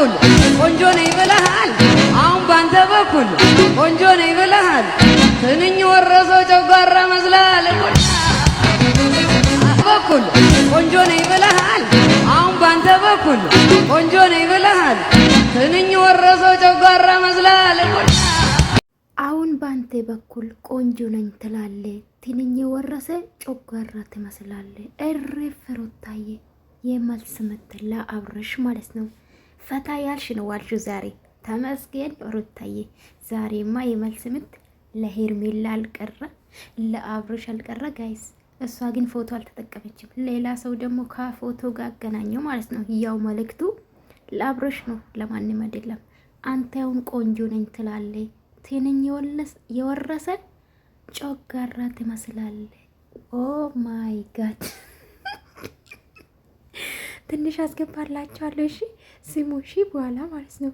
በኩል ቆንጆ ነኝ ብለሃል። አሁን ባንተ በኩል ቆንጆ ነኝ ብለሃል። ትንኝ ወረሰው ጨጓራ መስላል። በኩል ቆንጆ ነኝ ብለሃል። አሁን ባንተ በኩል ቆንጆ ነኝ ብለሃል። ትንኝ ወረሰው ጨጓራ መስላል። አሁን ባንተ በኩል ቆንጆ ነኝ ትላለ። ትንኝ ወረሰ ጨጓራ ትመስላለ። እሬ ፍሮታዬ የመልስ ምት ማለት ነው። ፈታ ያልሽ ነው ዋልሹ ዛሬ ተመስገን ሩታዬ። ዛሬማ የመልስ ምት ለሄርሜላ አልቀረ ለአብሮሽ አልቀረ ጋይስ። እሷ ግን ፎቶ አልተጠቀመችም። ሌላ ሰው ደግሞ ከፎቶ ጋር አገናኘው ማለት ነው። ያው መልእክቱ ለአብሮሽ ነው፣ ለማንም አይደለም። አንተውን ቆንጆ ነኝ ትላለ፣ ትንኝ የወረሰ ጮጋራ ትመስላለ። ኦ ማይ ጋድ ትንሽ አስገባላችኋለሁ። እሺ ስሙ፣ እሺ በኋላ ማለት ነው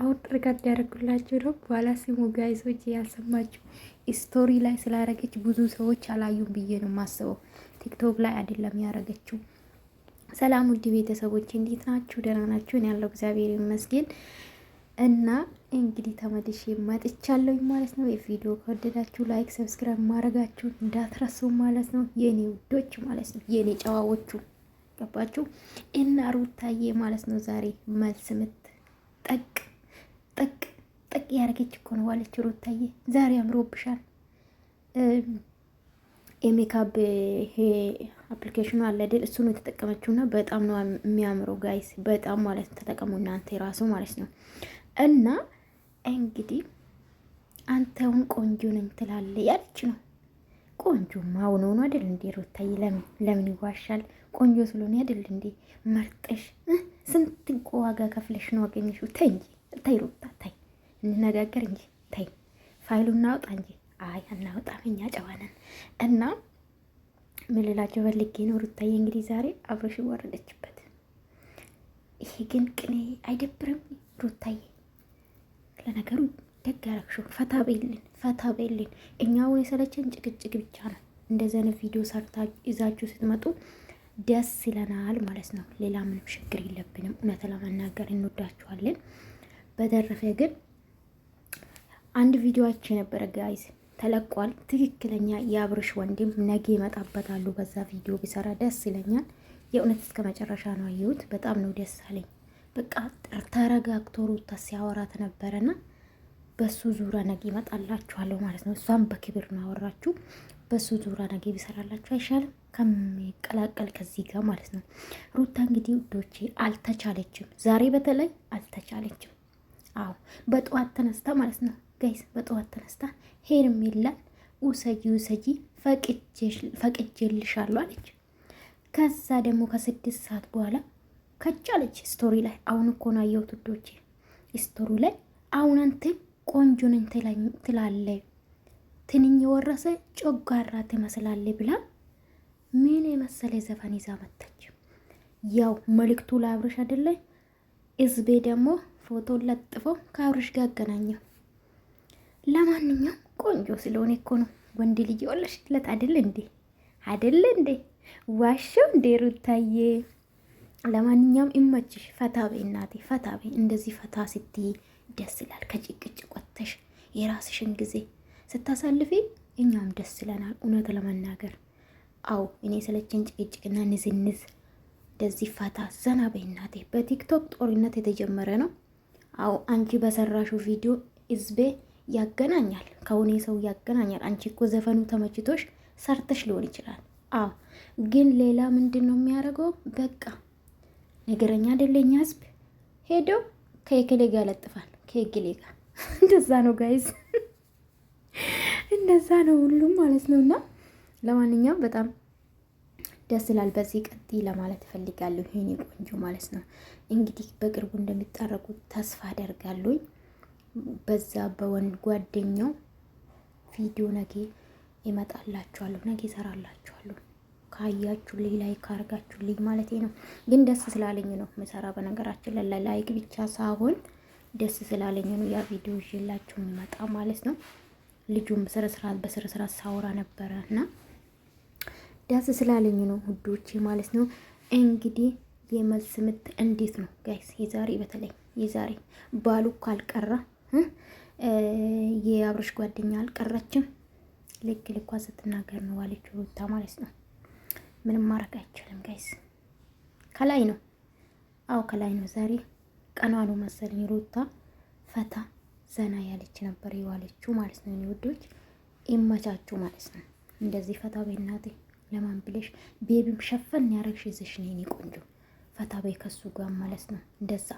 አሁን ጥርጋት ሊያደርጉላችሁ ነው። በኋላ ስሙ ጋይዞች፣ ያልሰማችሁ ስቶሪ ላይ ስላረገች ብዙ ሰዎች አላዩም ብዬ ነው የማስበው። ቲክቶክ ላይ አይደለም ያረገችው። ሰላም ውድ ቤተሰቦች እንዴት ናችሁ? ደህና ናችሁ? እኔ ያለው እግዚአብሔር ይመስገን እና እንግዲህ ተመልሼ መጥቻለሁ ማለት ነው። የቪዲዮ ከወደዳችሁ ላይክ፣ ሰብስክራይብ ማድረጋችሁን እንዳትረሱ ማለት ነው የኔ ውዶች ማለት ነው የኔ ጨዋዎቹ ገባችሁ? እና ሩታዬ ማለት ነው ዛሬ መልስ ምት ጠቅ ጠቅ ጠቅ ያደረገች እኮ ነው ዋለች። ሩታዬ ዛሬ አምሮብሻል። የሜካፕ ይሄ አፕሊኬሽኑ አለ አይደል? እሱ ነው የተጠቀመችው እና በጣም ነው የሚያምረው ጋይስ፣ በጣም ማለት ነው። ተጠቀሙ እናንተ የራሱ ማለት ነው። እና እንግዲህ አንተውን ቆንጆ ነኝ ትላለህ ያለች ነው ቆንጆማ አሁን ሆኖ አይደል እንዴ ሩታዬ? ለምን ይዋሻል? ቆንጆ ስለሆነ አይደል እንዴ መርጠሽ ስንት ዋጋ ከፍለሽ ነው አገኘሽው? ተይ እንጂ ተይ ሩታ ተይ፣ እንነጋገር እንጂ ተይ፣ ፋይሉ እናውጣ እንጂ። አይ አናውጣም፣ እኛ ጨዋ ነን። እና ምልላቸው ፈልጌ ነው ሩታዬ። እንግዲህ ዛሬ አብረሽ ወረደችበት። ይሄ ግን ቅኔ አይደብርም ሩታዬ? ለነገሩ ደግ ያረግሽው። ፈታ በይልን፣ ፈታ በይልን። እኛ አሁን የሰለችን ጭቅጭቅ ብቻ ነው። እንደዚህ አይነት ቪዲዮ ሰርታ ይዛችሁ ስትመጡ ደስ ይለናል ማለት ነው። ሌላ ምንም ችግር የለብንም። እውነት ለመናገር እንወዳችኋለን። በተረፈ ግን አንድ ቪዲዮዎች የነበረ ጋይዝ ተለቋል። ትክክለኛ የአብርሽ ወንድም ነገ ይመጣበታሉ። በዛ ቪዲዮ ቢሰራ ደስ ይለኛል። የእውነት እስከ መጨረሻ ነው አየሁት። በጣም ነው ደስ አለኝ። በቃ ተረጋግቶ ሩታ ሲያወራት ነበረና በሱ ዙራ ነገ ይመጣላችኋለሁ ማለት ነው። እሷም በክብር ነው ያወራችሁ። በሱ ዙራ ነገ ቢሰራላችሁ አይሻልም? ከሚቀላቀል ከዚህ ጋር ማለት ነው። ሩታ እንግዲህ ውዶቼ አልተቻለችም፣ ዛሬ በተለይ አልተቻለችም። አዎ በጠዋት ተነስታ ማለት ነው ጋይስ፣ በጠዋት ተነስታ ሄርሜላን ውሰጂ ውሰጂ ፈቅጄልሻለሁ አለች። ከዛ ደግሞ ከስድስት ሰዓት በኋላ ከቻለች ስቶሪ ላይ አሁን እኮ ነው ውዶቼ ስቶሪ ላይ አሁን አንተ ቆንጆንን ትላለ ትንኝ የወረሰ ጮጋራ ትመስላለ ብላ ምን የመሰለ ዘፈን ይዛ መጣች። ያው መልእክቱ ለአብርሽ አይደለ? ህዝቤ ደግሞ ፎቶ ለጥፎ ከአብርሽ ጋር አገናኘው። ለማንኛውም ቆንጆ ስለሆነ እኮ ነው ወንድ ልጅ ለት አይደል እንዴ? አይደል እንዴ? ዋሻው እንዴ ሩታዬ። ለማንኛውም ይመችሽ። ፈታ በይ እናቴ፣ ፈታ በይ። እንደዚህ ፈታ ስትይ ደስ ይላል። ከጭ የራስሽን ጊዜ ስታሳልፊ እኛም ደስ ይለናል። እውነት ለመናገር አው እኔ ስለችን ጭቅጭቅና ንዝንዝ እንደዚህ ፈታ ዘና በይናቴ። በቲክቶክ ጦርነት የተጀመረ ነው። አው አንቺ በሰራሹ ቪዲዮ ህዝቤ ያገናኛል፣ ከሁኔ ሰው ያገናኛል። አንቺ እኮ ዘፈኑ ተመችቶሽ ሰርተሽ ሊሆን ይችላል። አዎ፣ ግን ሌላ ምንድን ነው የሚያደርገው? በቃ ነገረኛ አደለኛ ህዝብ ሄደው ከየክሌ ጋር ለጥፋል ከየክሌ ጋር እንደዛ ነው ጋይዝ፣ እንደዛ ነው ሁሉም ማለት ነው። እና ለማንኛውም በጣም ደስ ይላል። በዚህ ቀጥይ ለማለት እፈልጋለሁ። ይሄኔ ቆንጆ ማለት ነው። እንግዲህ በቅርቡ እንደሚታረቁ ተስፋ አደርጋለሁ። በዛ በወንድ ጓደኛው ቪዲዮ ነገ ይመጣላችኋለሁ፣ ነገ ይሰራላችኋለሁ። ካያችሁልኝ ላይክ ልይ ማለት ነው። ግን ደስ ስላለኝ ነው ምሰራ። በነገራችን ላይ ላይክ ብቻ ሳይሆን ደስ ስላለኝ ነው ያ ቪዲዮ ይዤላችሁ የሚመጣ ማለት ነው። ልጁም ስነስርዓት በስነስርዓት ሳውራ ነበረ እና ደስ ስላለኝ ነው ውዶቼ ማለት ነው። እንግዲህ የመልስ ምት እንዴት ነው ጋይስ? የዛሬ በተለይ የዛሬ ባሉ እኮ አልቀራ የአብረሽ ጓደኛ አልቀረችም። ልክ ልኳ ስትናገር ነው ዋለች ሩታ ማለት ነው። ምንም ማድረግ አይቻልም ጋይስ። ከላይ ነው አዎ፣ ከላይ ነው ዛሬ ቀኗ ነው መሰለኝ ሩታ ፈታ ዘና ያለች ነበር የዋለችው ማለት ነው። እኔ ውዶች ይመቻችሁ ማለት ነው። እንደዚህ ፈታ ቤ እናቴ ለማን ብለሽ ቤቢም ሸፈን ያረግሽ ይዘሽ ነው የእኔ ቆንጆ ፈታ ቤ ከሱ ጋር ማለት ነው። እንደዛ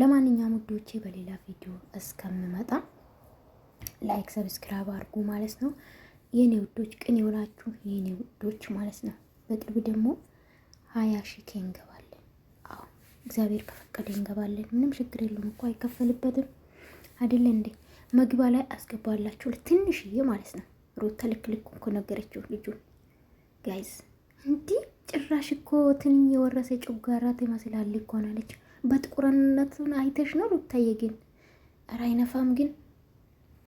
ለማንኛውም ውዶቼ በሌላ ቪዲዮ እስከምመጣ ላይክ ሰብስክራይብ አድርጉ ማለት ነው። የኔ ውዶች ቅን የሆናችሁ የኔ ውዶች ማለት ነው። በቅርብ ደግሞ ሀያ ሺ ኬንገባ እግዚአብሔር ከፈቀደ እንገባለን። ምንም ችግር የለውም እኮ አይከፈልበትም አይደለ እንዴ? መግባ ላይ አስገባላችሁ ትንሽዬ ማለት ነው። ሩታ ልክ ልክ እኮ ነገረችው ልጁ ጋይዝ እንዲ ጭራሽ እኮ ትን የወረሰ ጨጓራ ትመስላለች እኮ አለች። በጥቁርነቱን አይተሽ ነው ሩታዬ። ግን ኧረ አይነፋም ግን